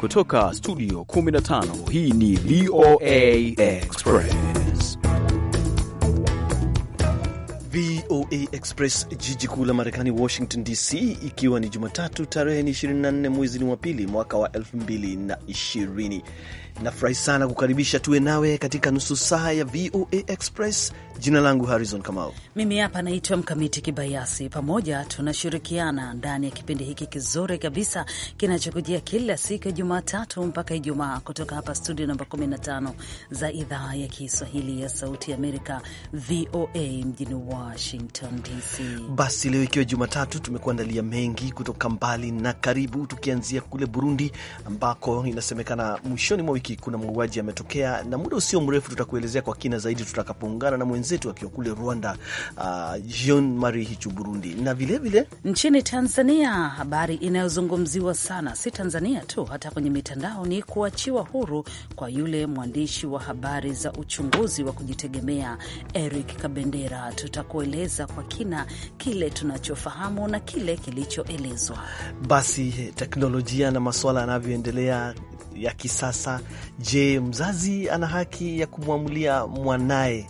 Kutoka studio 15 hii ni VOA Express. VOA Express, jiji kuu la Marekani, Washington DC, ikiwa ni Jumatatu tarehe 24 mwezi wa pili mwaka wa 2020. Nafurahi sana kukaribisha tuwe nawe katika nusu saa ya VOA Express. Jina langu Harrison Kamau, mimi hapa naitwa Mkamiti Kibayasi. Pamoja tunashirikiana ndani ya kipindi hiki kizuri kabisa kinachokujia kila siku ya Jumatatu mpaka Ijumaa kutoka hapa studio namba 15 za idhaa ya Kiswahili ya Sauti Amerika, VOA mjini Washington DC. Basi leo ikiwa Jumatatu, tumekuandalia mengi kutoka mbali na karibu, tukianzia kule Burundi ambako inasemekana mwishoni mwa wiki wiki kuna mauaji yametokea, na muda usio mrefu tutakuelezea kwa kina zaidi tutakapoungana na mwenzetu akiwa kule Rwanda, uh, Jean Marie Hichu Burundi, na vilevile vile... nchini Tanzania, habari inayozungumziwa sana si Tanzania tu, hata kwenye mitandao ni kuachiwa huru kwa yule mwandishi wa habari za uchunguzi wa kujitegemea Eric Kabendera. Tutakueleza kwa kina kile tunachofahamu na kile kilichoelezwa. Basi teknolojia na masuala yanavyoendelea ya kisasa. Je, mzazi ana haki ya kumwamulia mwanaye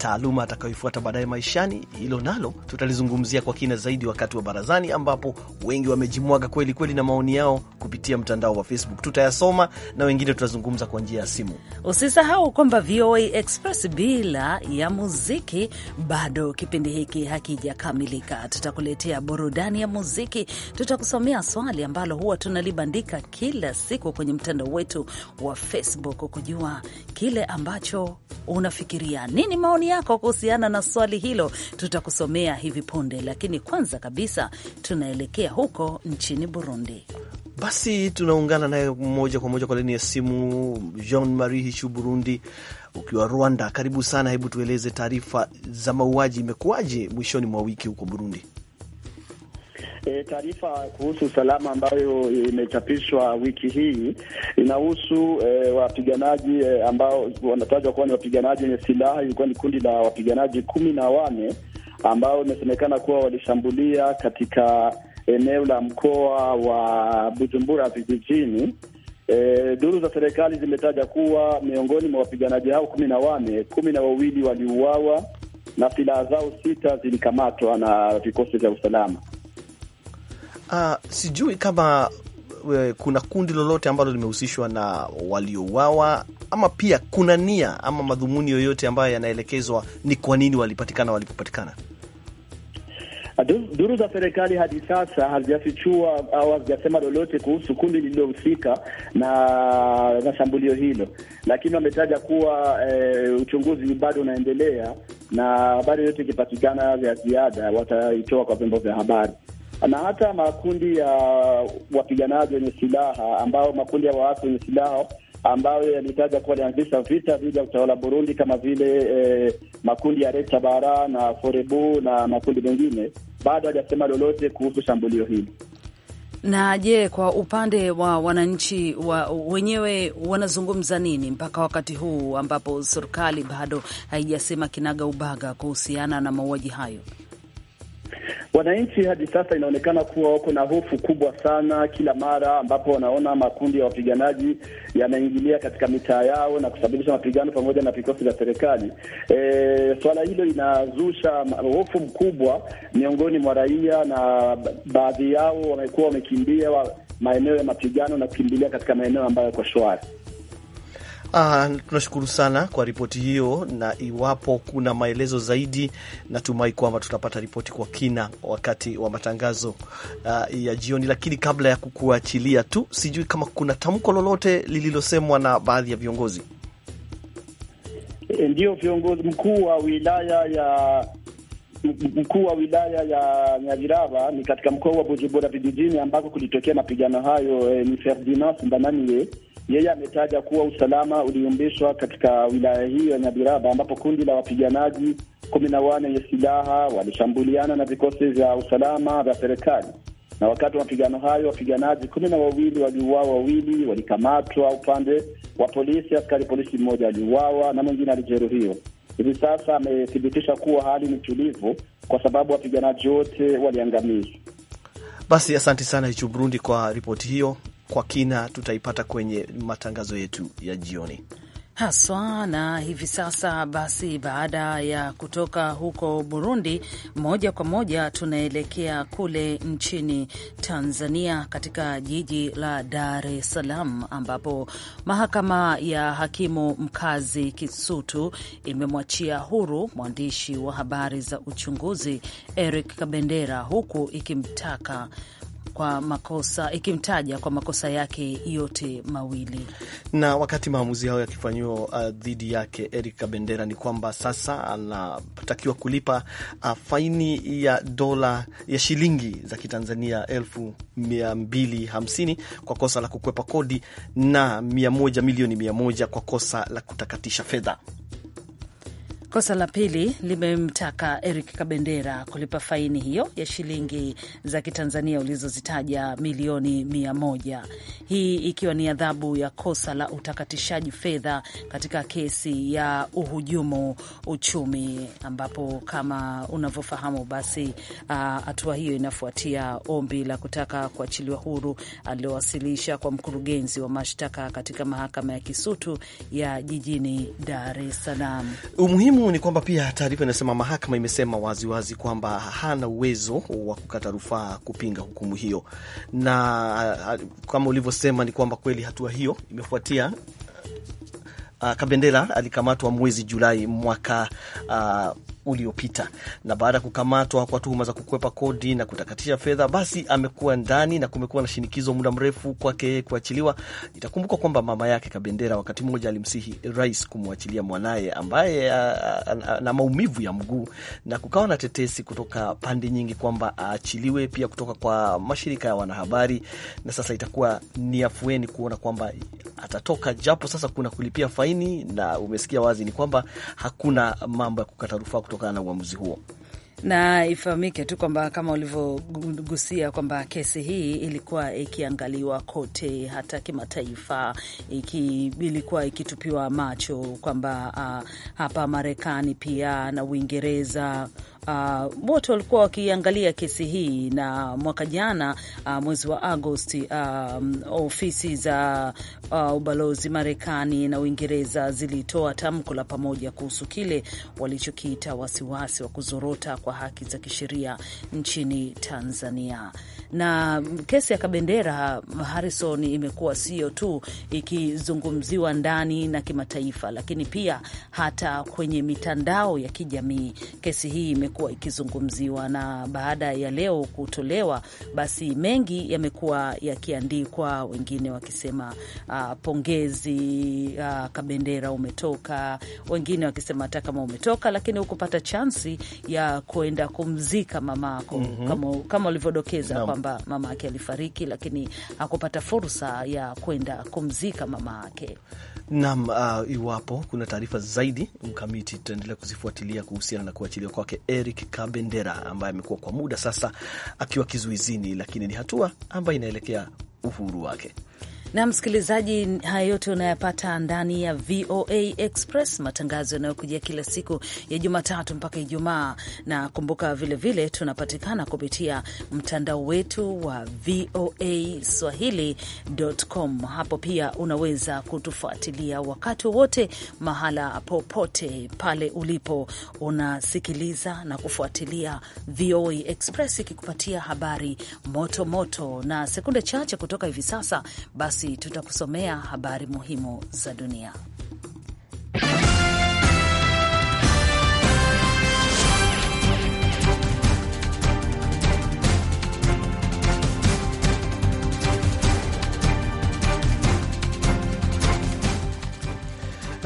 taaluma atakayoifuata baadaye maishani, hilo nalo tutalizungumzia kwa kina zaidi wakati wa barazani, ambapo wengi wamejimwaga kweli kweli na maoni yao kupitia mtandao wa Facebook. Tutayasoma na wengine tutazungumza kwa njia ya simu. Usisahau kwamba VOA Express bila ya muziki bado kipindi hiki hakijakamilika. Tutakuletea burudani ya muziki, tutakusomea swali ambalo huwa tunalibandika kila siku kwenye mtandao wetu wa Facebook kujua kile ambacho unafikiria nini maoni yako kuhusiana na swali hilo, tutakusomea hivi punde, lakini kwanza kabisa tunaelekea huko nchini Burundi. Basi tunaungana naye moja kwa moja kwa laini ya simu, Jean Marie Hichu Burundi ukiwa Rwanda. Karibu sana, hebu tueleze taarifa za mauaji, imekuwaje mwishoni mwa wiki huko Burundi? E, taarifa kuhusu usalama ambayo imechapishwa wiki hii inahusu e, wapiganaji e, ambao wanatajwa kuwa ni wapiganaji wenye silaha. Ilikuwa ni kundi la wapiganaji kumi na wane ambao imesemekana kuwa walishambulia katika eneo la mkoa wa Bujumbura vijijini. E, duru za serikali zimetaja kuwa miongoni mwa wapiganaji hao kumi na wane, kumi na wawili waliuawa na silaha zao sita zilikamatwa na vikosi vya usalama. Uh, sijui kama we, kuna kundi lolote ambalo limehusishwa na waliouawa ama pia kuna nia ama madhumuni yoyote ambayo yanaelekezwa ni kwa nini walipatikana walipopatikana. Ah, duru za serikali hadi sasa hazijafichua au hazijasema lolote kuhusu kundi lililohusika na na shambulio hilo, lakini wametaja kuwa e, uchunguzi bado unaendelea na habari yoyote ikipatikana ya ziada wataitoa kwa vyombo vya habari na hata makundi ya wapiganaji wenye silaha ambao makundi ya waasi wenye silaha ambayo yalitaja kuwa alianzisha vita dhidi ya utawala Burundi kama vile eh, makundi ya Retabara na Forebu na makundi mengine bado hajasema lolote kuhusu shambulio hili. Na je, kwa upande wa wananchi wa wenyewe wanazungumza nini mpaka wakati huu ambapo serikali bado haijasema kinaga ubaga kuhusiana na mauaji hayo? Wananchi hadi sasa inaonekana kuwa wako na hofu kubwa sana, kila mara ambapo wanaona makundi ya wapiganaji yanaingilia katika mitaa yao na kusababisha mapigano pamoja na vikosi vya serikali. E, swala hilo inazusha hofu mkubwa miongoni mwa raia, na baadhi yao wamekuwa wamekimbia wa maeneo ya mapigano na kukimbilia katika maeneo ambayo yako shwari. Uh, tunashukuru sana kwa ripoti hiyo, na iwapo kuna maelezo zaidi, natumai kwamba tutapata ripoti kwa kina wakati wa matangazo uh, ya jioni. Lakini kabla ya kukuachilia tu, sijui kama kuna tamko lolote lililosemwa na baadhi ya viongozi. Ndio, viongozi mkuu wa wilaya ya mkuu wa wilaya ya Nyaviraba ni katika mkoa wa Bujumbura vijijini ambako kulitokea mapigano hayo. Eh, ni Ferdinand Mbananiye yeye ametaja kuwa usalama uliumbishwa katika wilaya hiyo ya Nyabiraba, ambapo kundi la wapiganaji kumi na wane wenye silaha walishambuliana na vikosi vya usalama vya serikali, na wakati wa mapigano hayo wapiganaji kumi na wawili waliuawa, wawili walikamatwa upande wa polisi. Askari polisi mmoja aliuawa na mwingine alijeruhiwa. Hivi sasa amethibitisha kuwa hali ni tulivu kwa sababu wapiganaji wote waliangamizwa. Basi asante sana Hichu Burundi kwa ripoti hiyo kwa kina tutaipata kwenye matangazo yetu ya jioni haswa na hivi sasa. Basi, baada ya kutoka huko Burundi, moja kwa moja tunaelekea kule nchini Tanzania, katika jiji la Dar es Salaam, ambapo mahakama ya hakimu mkazi Kisutu imemwachia huru mwandishi wa habari za uchunguzi Eric Kabendera, huku ikimtaka kwa makosa ikimtaja kwa makosa yake yote mawili. Na wakati maamuzi hayo yakifanyiwa uh, dhidi yake, Eric Kabendera ni kwamba sasa anatakiwa kulipa uh, faini ya dola ya shilingi za Kitanzania elfu mia mbili hamsini kwa kosa la kukwepa kodi na mia moja milioni mia moja kwa kosa la kutakatisha fedha. Kosa la pili limemtaka Eric Kabendera kulipa faini hiyo ya shilingi za Kitanzania ulizozitaja milioni mia moja, hii ikiwa ni adhabu ya kosa la utakatishaji fedha katika kesi ya uhujumu uchumi, ambapo kama unavyofahamu basi uh, hatua uh, hiyo inafuatia ombi la kutaka kuachiliwa huru aliyowasilisha kwa mkurugenzi wa mashtaka katika mahakama ya Kisutu ya jijini Dar es Salaam. Umuhimu muhimu ni kwamba pia taarifa inasema mahakama imesema waziwazi wazi kwamba hana uwezo wa kukata rufaa kupinga hukumu hiyo, na kama ulivyosema ni kwamba kweli hatua hiyo imefuatia uh, Kabendera alikamatwa mwezi Julai mwaka uh, uliopita. Na baada ya kukamatwa kwa tuhuma za kukwepa kodi na kutakatisha fedha, basi amekuwa ndani na kumekuwa na shinikizo muda mrefu kwake yeye kuachiliwa. Itakumbukwa kwamba mama yake Kabendera wakati mmoja alimsihi rais kumwachilia mwanaye ambaye ana maumivu ya mguu, na kukawa na tetesi kutoka pande nyingi kwamba aachiliwe, pia kutoka kwa mashirika ya wanahabari. Na sasa itakuwa ni afueni kuona kwamba atatoka, japo sasa kuna kulipia faini, na umesikia wazi ni kwamba hakuna mambo ya kukata rufaa kutoka kutokana na uamuzi huo na ifahamike tu kwamba kama ulivyogusia kwamba kesi hii ilikuwa ikiangaliwa kote, hata kimataifa, iki, ilikuwa ikitupiwa macho kwamba uh, hapa Marekani pia na Uingereza Uh, wote uh, walikuwa wakiangalia kesi hii na mwaka jana uh, mwezi wa Agosti um, ofisi za uh, ubalozi Marekani na Uingereza zilitoa tamko la pamoja kuhusu kile walichokiita wasiwasi wa kuzorota kwa haki za kisheria nchini Tanzania. Na kesi ya Kabendera Harrison imekuwa sio tu ikizungumziwa ndani na kimataifa, lakini pia hata kwenye mitandao ya kijamii. Kesi hii imekuwa ikizungumziwa, na baada ya leo kutolewa, basi mengi yamekuwa yakiandikwa, wengine wakisema uh, pongezi uh, Kabendera umetoka, wengine wakisema hata kama umetoka lakini hukupata chansi ya kuenda kumzika mamako mm -hmm. kama, kama ulivyodokeza no. kwamba mama ake alifariki, lakini hakupata fursa ya kwenda kumzika mama ake nam uh, iwapo kuna taarifa zaidi mkamiti, tutaendelea kuzifuatilia kuhusiana na kuachiliwa kwake Eric Kabendera ambaye amekuwa kwa muda sasa akiwa kizuizini, lakini ni hatua ambayo inaelekea uhuru wake na msikilizaji, haya yote unayapata ndani ya VOA Express, matangazo yanayokujia kila siku ya Jumatatu mpaka Ijumaa. Na kumbuka vilevile tunapatikana kupitia mtandao wetu wa VOA Swahili.com. Hapo pia unaweza kutufuatilia wakati wowote, mahala popote pale ulipo, unasikiliza na kufuatilia VOA Express ikikupatia habari moto moto, na sekunde chache kutoka hivi sasa basi basi tutakusomea habari muhimu za dunia.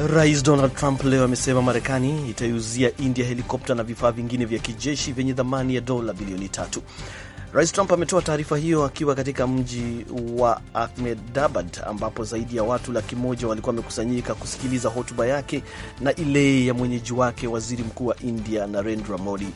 Rais Donald Trump leo amesema Marekani itaiuzia India helikopta na vifaa vingine vya kijeshi vyenye thamani ya dola bilioni tatu. Rais Trump ametoa taarifa hiyo akiwa katika mji wa Ahmedabad ambapo zaidi ya watu laki moja walikuwa wamekusanyika kusikiliza hotuba yake na ile ya mwenyeji wake waziri mkuu wa India Narendra Modi.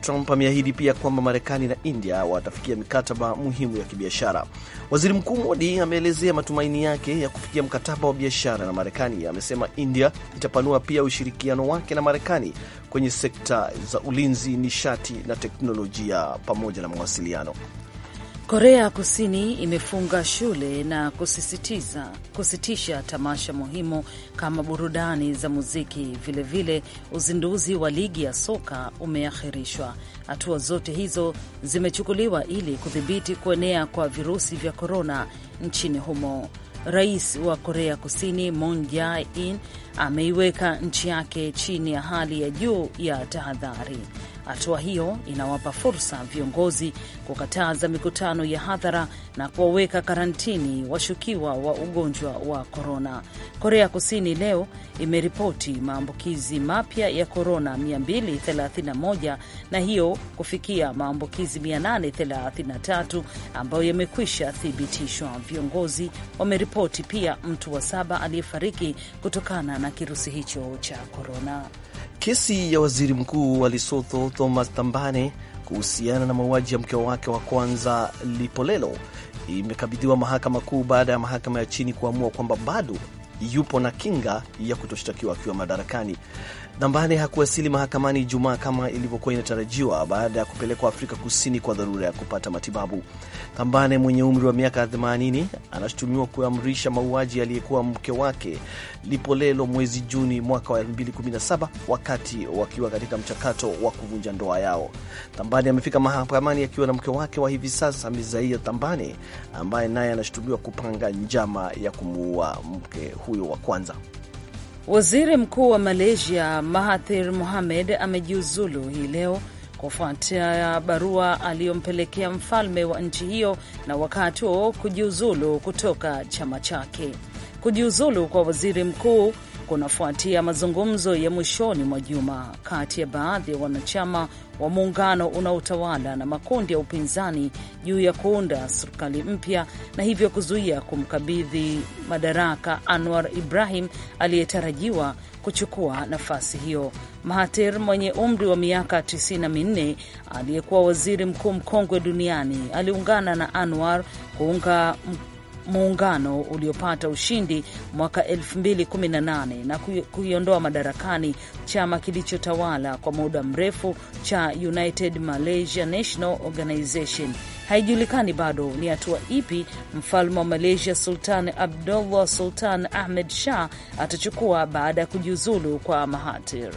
Trump ameahidi pia kwamba Marekani na India watafikia mikataba muhimu ya kibiashara. Waziri Mkuu Modi ameelezea matumaini yake ya kufikia mkataba wa biashara na Marekani. Amesema India itapanua pia ushirikiano wake na Marekani kwenye sekta za ulinzi, nishati na teknolojia pamoja na mawasiliano. Korea Kusini imefunga shule na kusisitiza kusitisha tamasha muhimu kama burudani za muziki. Vilevile vile, uzinduzi wa ligi ya soka umeahirishwa. Hatua zote hizo zimechukuliwa ili kudhibiti kuenea kwa virusi vya korona nchini humo. Rais wa Korea Kusini Moon Jae-in ameiweka nchi yake chini ya hali ya juu ya tahadhari. Hatua hiyo inawapa fursa viongozi kukataza mikutano ya hadhara na kuwaweka karantini washukiwa wa ugonjwa wa korona. Korea Kusini leo imeripoti maambukizi mapya ya korona 231 na hiyo kufikia maambukizi 833 ambayo yamekwisha thibitishwa. Viongozi wameripoti pia mtu wa saba aliyefariki kutokana na kirusi hicho cha korona. Kesi ya waziri mkuu wa Lesotho Thomas Tambane kuhusiana na mauaji ya mkeo wake wa kwanza Lipolelo imekabidhiwa mahakama kuu baada ya mahakama ya chini kuamua kwamba bado yupo na kinga ya kutoshtakiwa akiwa madarakani. Dambane hakuwasili mahakamani Ijumaa kama ilivyokuwa inatarajiwa baada ya kupelekwa Afrika Kusini kwa dharura ya kupata matibabu. Nambane mwenye umri wa miaka 80 anashutumiwa kuamrisha mauaji aliyekuwa mke wake Lipolelo mwezi Juni mwaka wa 2017 wakati wakiwa katika mchakato wa kuvunja ndoa yao. Nambane amefika mahakamani akiwa na mke wake wa hivi sasa Mizaia Dambane ambaye naye anashutumiwa kupanga njama ya kumuua mke huyo wa kwanza. Waziri Mkuu wa Malaysia Mahathir Mohamed amejiuzulu hii leo kufuatia barua aliyompelekea mfalme wa nchi hiyo na wakati huo kujiuzulu kutoka chama chake. Kujiuzulu kwa waziri mkuu kunafuatia mazungumzo ya mwishoni mwa juma kati ya baadhi ya wanachama wa muungano unaotawala na makundi ya upinzani juu ya kuunda serikali mpya na hivyo kuzuia kumkabidhi madaraka Anwar Ibrahim aliyetarajiwa kuchukua nafasi hiyo. mahatir mwenye umri wa miaka 94 aliyekuwa waziri mkuu mkongwe duniani aliungana na Anwar kuunga muungano uliopata ushindi mwaka 2018 na kuiondoa madarakani chama kilichotawala kwa muda mrefu cha United Malaysia National Organization. Haijulikani bado ni hatua ipi mfalme wa Malaysia Sultan Abdullah Sultan Ahmed Shah atachukua baada ya kujiuzulu kwa Mahathir.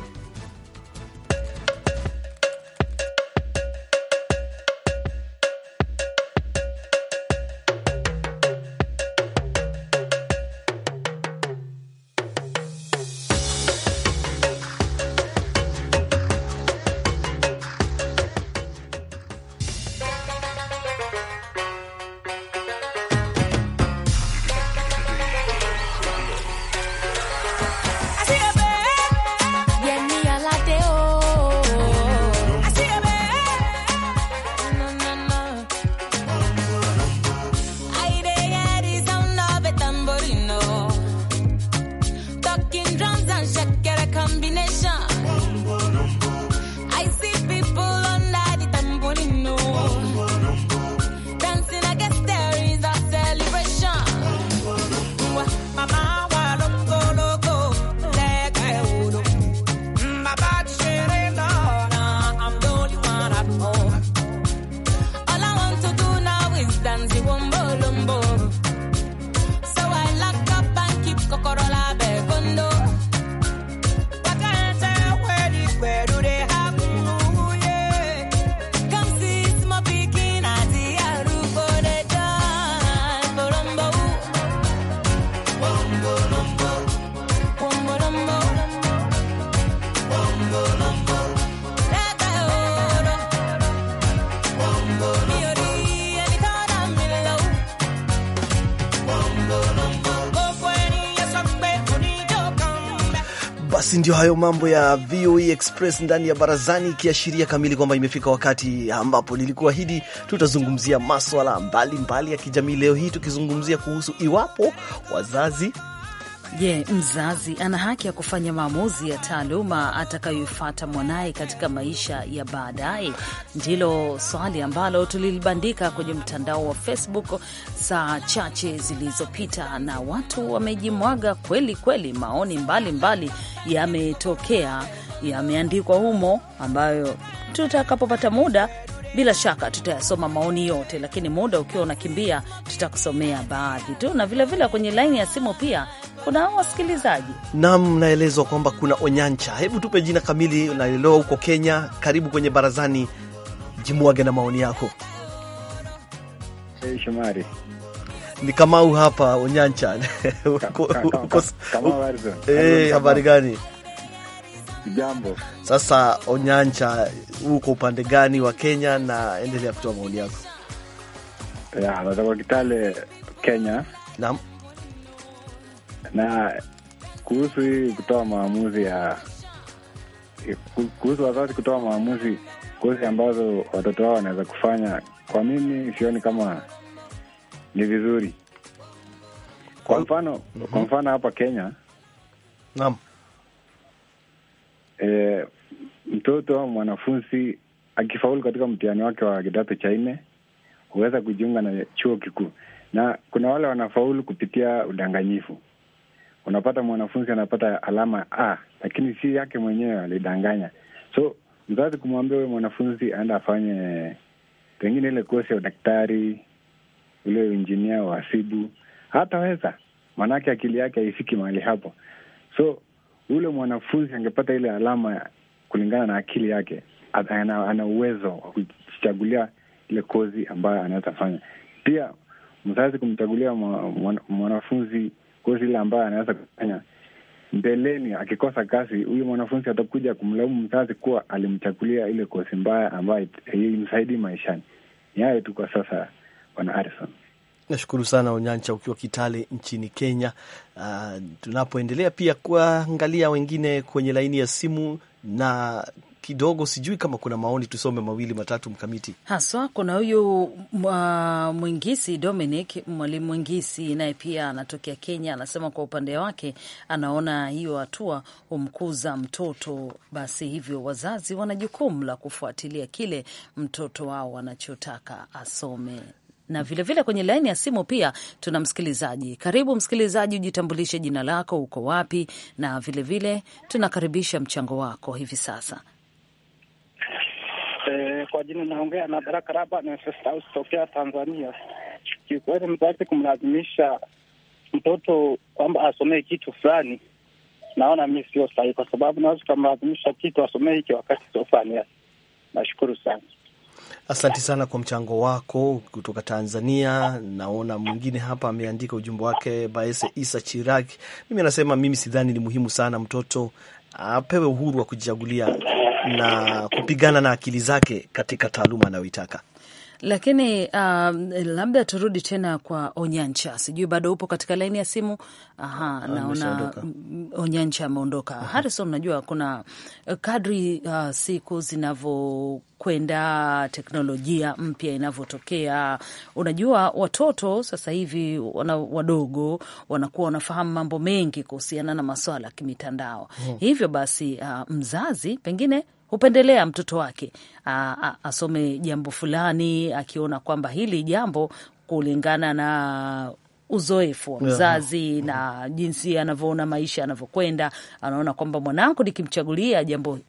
Basi ndio hayo mambo ya voe Express ndani ya barazani, ikiashiria kamili kwamba imefika wakati ambapo nilikuahidi tutazungumzia maswala mbalimbali mbali ya kijamii. Leo hii tukizungumzia kuhusu iwapo wazazi Je, mzazi ana haki ya kufanya maamuzi ya taaluma atakayoifata mwanaye katika maisha ya baadaye? Ndilo swali ambalo tulilibandika kwenye mtandao wa Facebook saa chache zilizopita, na watu wamejimwaga kweli kweli. Maoni mbalimbali yametokea, yameandikwa humo, ambayo tutakapopata muda bila shaka tutayasoma maoni yote, lakini muda ukiwa unakimbia, tutakusomea baadhi tu, na vilevile kwenye laini ya simu pia kuna wasikilizaji nam, naelezwa kwamba kuna Onyancha. Hebu tupe jina kamili, unaelewa huko Kenya. Karibu kwenye barazani, jimwage na maoni yako. Hey, Shomari ni Kamau hapa Onyancha. Habari gani? Jambo. Sasa Onyancha, uko upande gani wa Kenya na endelea kutoa maoni yako. Ya, kutoka Kitale, Kenya. Naam na kuhusu hii kutoa maamuzi ya kuhusu wazazi kutoa maamuzi kozi ambazo watoto wao wanaweza kufanya, kwa mimi sioni kama ni vizuri. Kwa mfano mm -hmm. Kwa mhm. mfano hapa Kenya naam, e, mtoto au mwanafunzi akifaulu katika mtihani wake wa kidato cha nne huweza kujiunga na chuo kikuu, na kuna wale wanafaulu kupitia udanganyifu unapata mwanafunzi anapata alama A, lakini si yake mwenyewe, alidanganya. So mzazi kumwambia huyo mwanafunzi aenda afanye pengine ile kosi ya udaktari, ule injinia, uhasibu, hataweza, maanake akili yake haifiki mahali hapo. So ule mwanafunzi angepata ile alama kulingana na akili yake, ana, ana uwezo wa kuchagulia ile kozi ambayo anaweza fanya. Pia mzazi kumchagulia mwanafunzi mwana kozi ile ambayo anaweza kufanya mbeleni. Akikosa kazi, huyu mwanafunzi atakuja kumlaumu mzazi kuwa alimchagulia ile kozi mbaya ambayo imsaidii maishani. Ni hayo tu kwa sasa, bwana Harrison. Nashukuru sana Onyancha, ukiwa Kitale nchini Kenya. Uh, tunapoendelea pia kuangalia wengine kwenye laini ya simu, na kidogo, sijui kama kuna maoni, tusome mawili matatu. Mkamiti haswa, kuna huyu Mwingisi Dominic, mwalimu Mwingisi, naye pia anatokea Kenya, anasema kwa upande wake anaona hiyo hatua humkuza mtoto, basi hivyo wazazi wana jukumu la kufuatilia kile mtoto wao anachotaka asome na vilevile vile kwenye laini ya simu pia tuna msikilizaji. Karibu msikilizaji, ujitambulishe jina lako, uko wapi, na vilevile tunakaribisha mchango wako hivi sasa kwa jina naongea na Baraka Raba House tokea Tanzania. Kiukweli, mzazi kumlazimisha mtoto kwamba asomee kitu fulani, naona mi sio sahihi, kwa sababu naweza ukamlazimisha kitu asomee hiki wakati sio fulani. Nashukuru sana. Asante sana kwa mchango wako kutoka Tanzania. Naona mwingine hapa ameandika ujumbe wake, Baese Isa Chirak, Mimi anasema mimi sidhani ni muhimu sana mtoto apewe uhuru wa kujichagulia na kupigana na akili zake katika taaluma anayoitaka. Lakini um, labda turudi tena kwa Onyancha, sijui bado upo katika laini ya simu. Aha, ah, naona Onyancha ameondoka. Harrison, unajua kuna uh, kadri uh, siku zinavyokwenda, teknolojia mpya inavyotokea, unajua watoto sasa hivi wana, wadogo wanakuwa wanafahamu mambo mengi kuhusiana na maswala ya kimitandao. Oh. Hivyo basi uh, mzazi pengine hupendelea mtoto wake a, a, asome jambo fulani akiona kwamba hili jambo kulingana na uzoefu wa mzazi yeah, na jinsi anavyoona maisha anavyokwenda, anaona kwamba mwanangu nikimchagulia jambo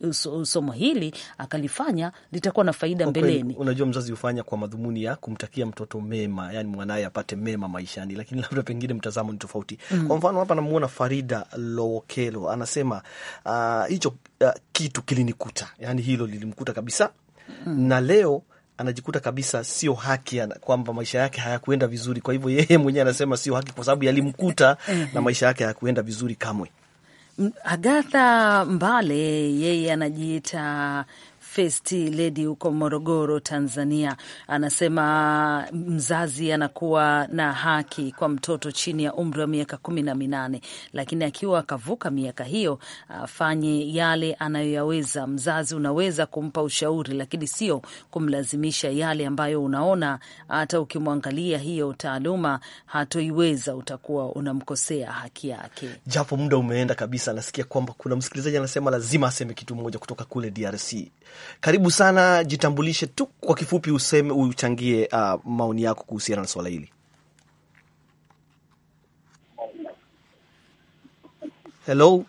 somo hili akalifanya litakuwa na faida mbeleni. Unajua, mzazi hufanya kwa madhumuni ya kumtakia mtoto mema, yani mwanaye apate mema maishani, lakini labda pengine mtazamo ni tofauti mm. Kwa mfano hapa namuona Farida Lowokelo anasema ah, hicho uh, uh, kitu kilinikuta, yani hilo lilimkuta kabisa mm. na leo anajikuta kabisa sio haki, kwamba maisha yake hayakuenda vizuri. Kwa hivyo yeye mwenyewe anasema sio haki kwa sababu yalimkuta na maisha yake hayakuenda vizuri kamwe. Agatha Mbale yeye anajiita First Lady huko Morogoro, Tanzania, anasema mzazi anakuwa na haki kwa mtoto chini ya umri wa miaka kumi na minane, lakini akiwa akavuka miaka hiyo afanye yale anayoyaweza. Mzazi unaweza kumpa ushauri, lakini sio kumlazimisha yale ambayo unaona hata ukimwangalia hiyo taaluma hatoiweza, utakuwa unamkosea haki yake. Japo muda umeenda kabisa, nasikia kwamba kuna msikilizaji anasema lazima aseme kitu moja kutoka kule DRC. Karibu sana, jitambulishe tu kwa kifupi, useme uchangie uh, maoni yako kuhusiana na swala hili. Hello,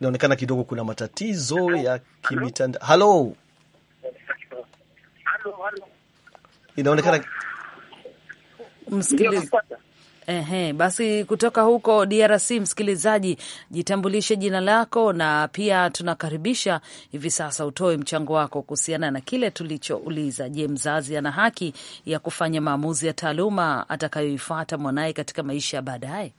inaonekana kidogo kuna matatizo ya kimitandao. Halo, inaonekana Ehe, basi kutoka huko DRC, msikilizaji, jitambulishe jina lako, na pia tunakaribisha hivi sasa utoe mchango wako kuhusiana na kile tulichouliza. Je, mzazi ana haki ya kufanya maamuzi ya taaluma atakayoifuata mwanaye katika maisha ya baadaye?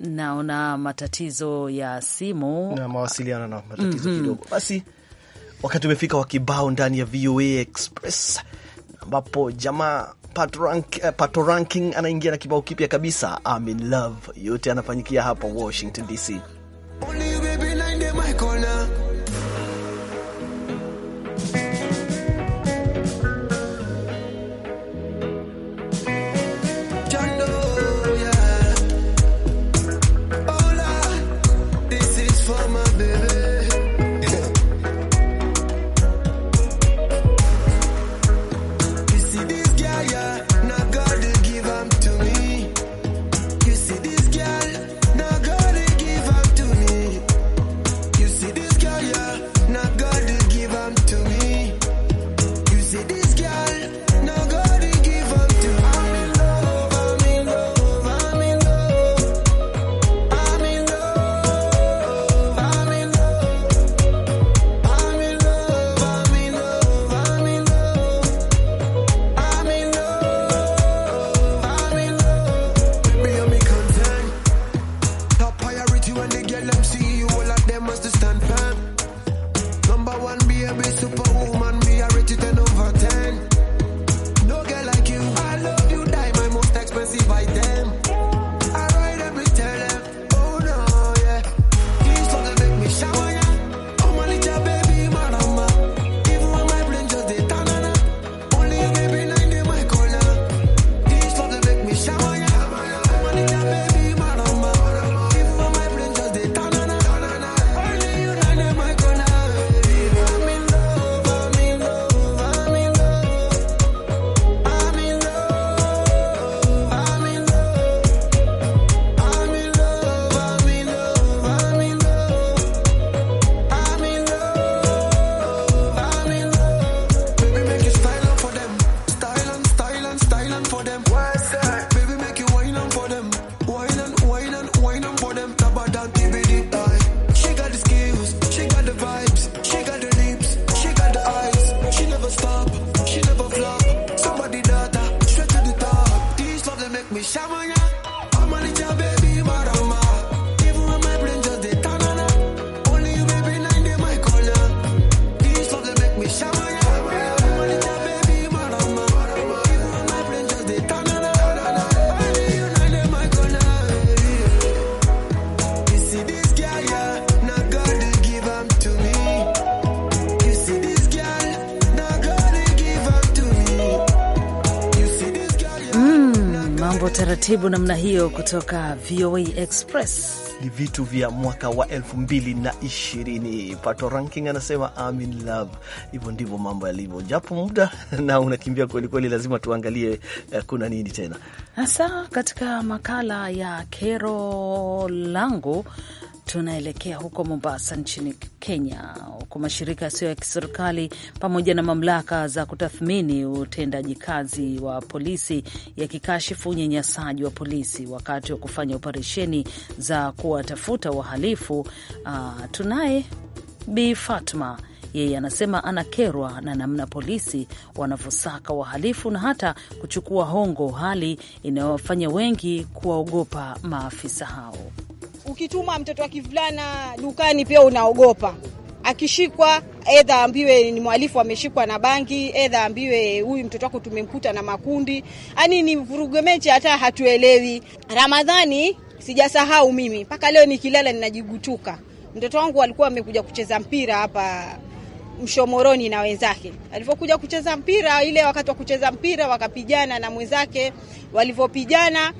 Naona matatizo ya simu na mawasiliano na matatizo mm -hmm. kidogo. Basi wakati umefika wa kibao ndani ya VOA Express ambapo jamaa Pat eh, Pato Ranking anaingia na kibao kipya kabisa I'm in love. Yote anafanyikia hapa Washington DC. them. taratibu namna hiyo kutoka VOA Express. Ni vitu vya mwaka wa elfu mbili na ishirini. Pato Ranking anasema amin love. Hivyo ndivyo mambo yalivyo, japo muda na unakimbia kwelikweli, lazima tuangalie eh, kuna nini tena hasa katika makala ya kero langu tunaelekea huko Mombasa nchini Kenya, huku mashirika yasiyo ya kiserikali pamoja na mamlaka za kutathmini utendaji kazi wa polisi yakikashifu unyanyasaji wa polisi wakati wa kufanya operesheni za kuwatafuta wahalifu. Uh, tunaye Bi Fatma yeye anasema anakerwa na namna polisi wanavyosaka wahalifu na hata kuchukua hongo, hali inayowafanya wengi kuwaogopa maafisa hao. Ukituma mtoto wa kivulana dukani pia unaogopa akishikwa edha ambiwe ni mhalifu ameshikwa na bangi, edha ambiwe huyu mtoto wako tumemkuta na makundi. Yaani ni vurugu mechi, hata hatuelewi. Ramadhani sijasahau mimi, mpaka leo nikilala ninajigutuka. Mtoto wangu alikuwa amekuja kucheza mpira hapa Mshomoroni na wenzake. Alivyokuja kucheza mpira ile, wakati wa kucheza mpira wakapijana na mwenzake, walivyopigana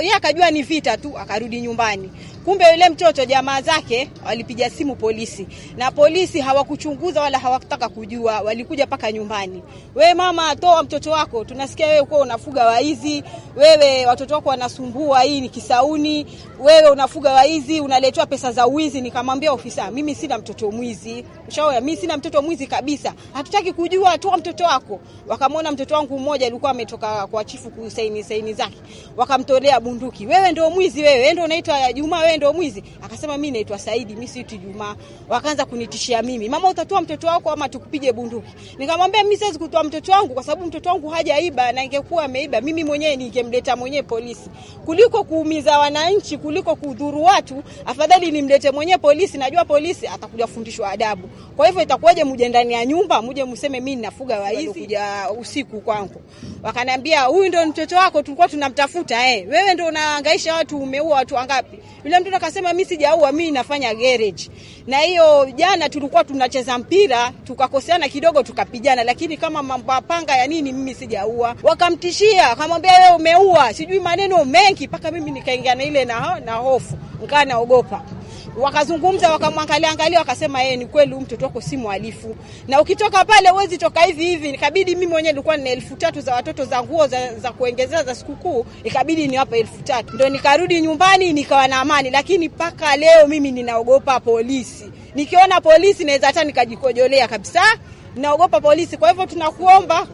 yeye akajua ni vita tu, akarudi nyumbani. Kumbe yule mtoto jamaa zake walipiga simu polisi, na polisi hawakuchunguza wala hawakutaka kujua, walikuja mpaka nyumbani. We mama, toa mtoto wako, tunasikia wewe kuwa unafuga waizi, wewe watoto wako wanasumbua, hii ni kisauni, wewe unafuga waizi, unaletewa pesa za uwizi. Nikamwambia ofisa, mimi sina mtoto mwizi, ushauri mimi sina mtoto mwizi kabisa, hatutaki kujua, toa mtoto wako. Wakamwona mtoto wangu mmoja alikuwa ametoka kwa chifu kusaini saini zake, wakamtolea bunduki. Wewe ndio mwizi, wewe ndio unaitwa Juma, wewe wewe ndio mwizi? Akasema mimi naitwa Saidi, mimi si tu Jumaa. Wakaanza kunitishia mimi, mama, utatoa mtoto wako ama tukupige bunduki. Nikamwambia mimi siwezi kutoa mtoto wangu kwa sababu mtoto wangu hajaiba, na ingekuwa ameiba mimi mwenyewe ningemleta mwenyewe polisi. Kuliko kuumiza wananchi, kuliko kudhuru watu, afadhali nimlete mwenyewe polisi. Najua polisi atakuja kufundishwa adabu. Kwa hivyo itakuwaje muje ndani ya nyumba, muje mseme mimi ninafuga waizi kuja usiku kwangu. Wakaniambia huyu ndio mtoto wako tulikuwa tunamtafuta eh. Wewe ndio unahangaisha watu, umeua watu wangapi? Yule mtoto akasema mimi sijaua, mimi nafanya garage. Na hiyo jana tulikuwa tunacheza mpira tukakoseana kidogo tukapijana, lakini kama mambo panga ya nini, mimi sijaua. Wakamtishia akamwambia wewe umeua, sijui maneno mengi, mpaka mimi nikaingia na ile na, na hofu nikawa naogopa wakazungumza wakamwangalia angalia, wakasema yeye eh, ni kweli, mtoto wako si mwalifu, na ukitoka pale uwezi toka hivi hivi. Nikabidi mimi mwenyewe nilikuwa na elfu tatu za watoto za nguo za, za kuongezea za sikukuu, ikabidi niwape elfu tatu ndo nikarudi nyumbani nikawa na amani fulani, lakini mpaka leo mimi ninaogopa polisi. Nikiona polisi naweza hata nikajikojolea kabisa, naogopa polisi. Kwa hivyo tunakuomba,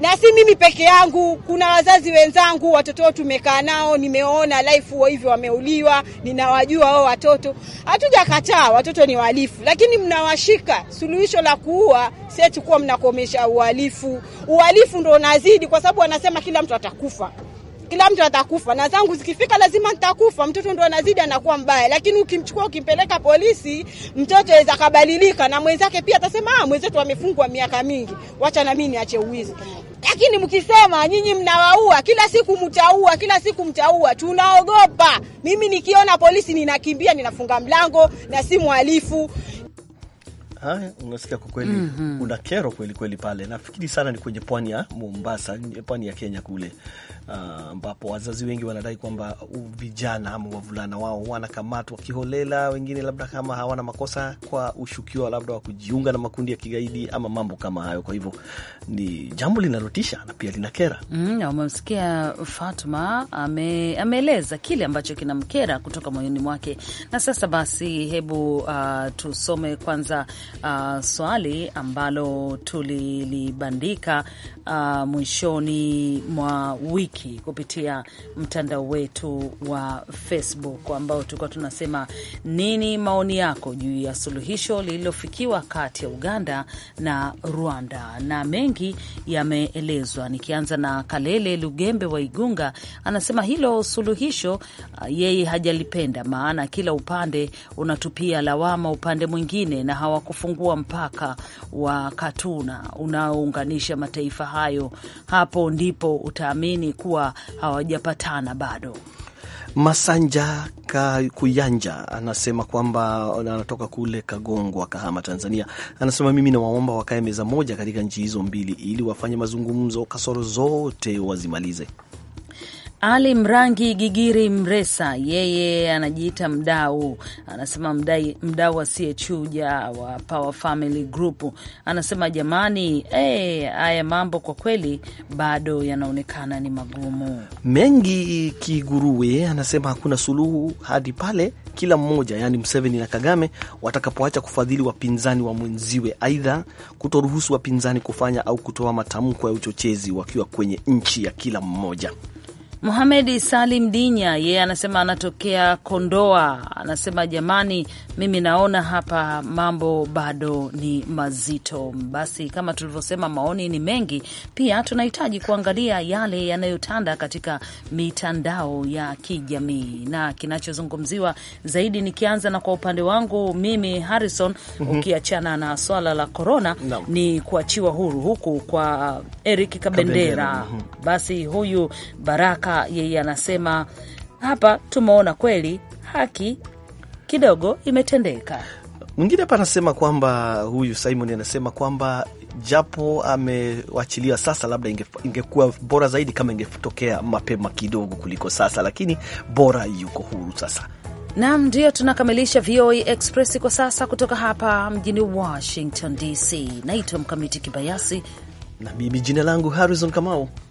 na si mimi peke yangu, kuna wazazi wenzangu, watoto wao tumekaa nao, nimeona life hivyo, wameuliwa, ninawajua wao watoto. Hatujakataa watoto ni wahalifu, lakini mnawashika. Suluhisho la kuua si kuwa mnakomesha uhalifu. Uhalifu ndo unazidi, kwa sababu wanasema kila mtu atakufa kila mtu atakufa, na zangu zikifika lazima nitakufa. Mtoto ndo anazidi anakuwa mbaya, lakini ukimchukua ukimpeleka polisi, mtoto aweza kabadilika, na mwenzake pia atasema ah, mwenzetu amefungwa miaka mingi, wacha na mimi niache uwizi. Lakini mkisema nyinyi mnawaua kila siku, mtaua kila siku, mtaua, tunaogopa. Mimi nikiona polisi ninakimbia, ninafunga mlango na si mhalifu. Haya, unasikia kwa kweli mm -hmm. Una kero kweli kweli pale, nafikiri sana ni kwenye pwani ya Mombasa, pwani ya Kenya kule Ah, ambapo uh, wazazi wengi wanadai kwamba vijana ama wavulana wao wanakamatwa kiholela, wengine labda kama hawana makosa kwa ushukiwa labda wa kujiunga na makundi ya kigaidi ama mambo kama hayo. Kwa hivyo ni jambo linalotisha na pia linakera. Mm, umemsikia ame, ameeleza kile ambacho kinamkera kutoka moyoni mwake. Na sasa basi, hebu uh, tusome kwanza uh, swali ambalo tulilibandika uh, mwishoni mwa wiki wiki kupitia mtandao wetu wa Facebook ambao tulikuwa tunasema nini maoni yako juu ya suluhisho lililofikiwa kati ya Uganda na Rwanda, na mengi yameelezwa, nikianza na Kalele Lugembe wa Igunga. Anasema hilo suluhisho uh, yeye hajalipenda, maana kila upande unatupia lawama upande mwingine na hawakufungua mpaka wa Katuna unaounganisha mataifa hayo. Hapo ndipo utaamini walikuwa hawajapatana bado. Masanja Kuyanja anasema kwamba anatoka kule Kagongwa, Kahama, Tanzania. Anasema mimi nawaomba wakae meza moja katika nchi hizo mbili, ili wafanye mazungumzo, kasoro zote wazimalize. Ali Mrangi Gigiri Mresa, yeye anajiita mdau, anasema mdau asiyechuja wa Power Family Group, anasema jamani, hey, eh, haya mambo kwa kweli bado yanaonekana ni magumu mengi. Kiguruwe anasema hakuna suluhu hadi pale kila mmoja, yaani Mseveni na Kagame, watakapoacha kufadhili wapinzani wa mwenziwe, aidha kutoruhusu wapinzani kufanya au kutoa matamko ya uchochezi wakiwa kwenye nchi ya kila mmoja muhamed Salim Dinya yeye anasema anatokea Kondoa, anasema jamani, mimi naona hapa mambo bado ni mazito. Basi kama tulivyosema, maoni ni mengi, pia tunahitaji kuangalia yale yanayotanda katika mitandao ya kijamii na kinachozungumziwa zaidi. Nikianza na kwa upande wangu mimi Harrison, mm -hmm. ukiachana na swala la korona no. ni kuachiwa huru huku kwa Eric Kabendera, Kabendera. Mm -hmm. basi huyu Baraka yeye anasema hapa tumeona kweli haki kidogo imetendeka. Mwingine hapa anasema kwamba huyu Simon anasema kwamba japo amewachiliwa sasa, labda ingekuwa inge bora zaidi kama ingetokea mapema kidogo kuliko sasa, lakini bora yuko huru sasa. Nam, ndiyo tunakamilisha VOA e Express kwa sasa kutoka hapa mjini Washington DC. Naitwa Mkamiti Kibayasi na mimi jina langu Harrison Kamau.